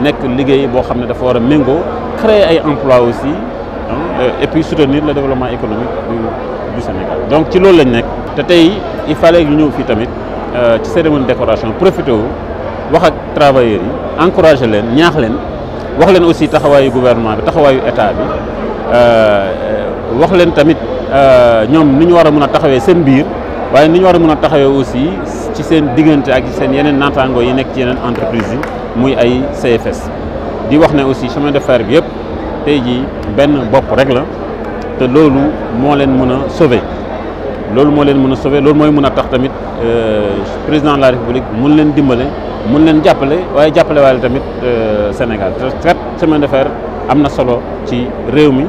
nek liguey bo xam dafa wara mengo créer ay emplois aussi hein, et puis soutenir le développement économique du du Sénégal donc ci loolu lañ nek té tay il fallait ñu ñëw fi tamit euh, ci cérémonie décoration profité wu wax ak travailleurs yi encouragé leen ñaax leen wax leen aussi taxawayu gouvernement bi taxawayu état bi euh wax leen tamit euh, ñoom ni ñu wara mëna taxawé seen biir waye ni ñu wara mëna taxawé aussi ci seen digënté ak seen yeneen nantango yi nek ci yeneen entreprise yi muy ay CFS di wax aussi chemin de fer bi yëpp tey jii benn bopp rek la te loolu moo leen mën sauver loolu moo leen mën sauver loolu mooy mën tax tamit euh, président de la république mun leen dimbale mun leen jàppale waaye jàppale waale tamit euh, Sénégal te chemin de fer am na solo ci réew mi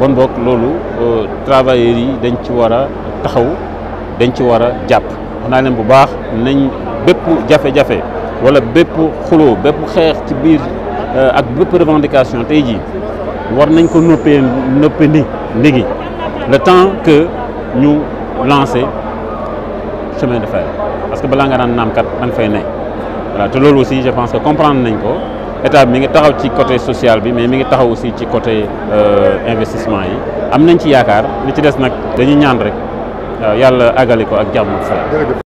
bon boog loolu euh, travailleurs yi dañ ci a taxaw dañ ci war a jàpp bu wala bépp xuloo bépp xex ci bir euh, ak bépp revendication tey jii war nañ ko noppee noppee ni léegi le temps que ñu lancer chemin de fer parce que balaa nga nan naam kat da fay ne voilà te lolu aussi je pense que comprendre nañ ko état mi ngi taxaw ci côté social bi mais mi ngi taxaw aussi ci côté euh, investissement yi am nañ ci yaakar li ci dess nak dañuy ñaan rek euh, yalla àggali ko ak jàmm salam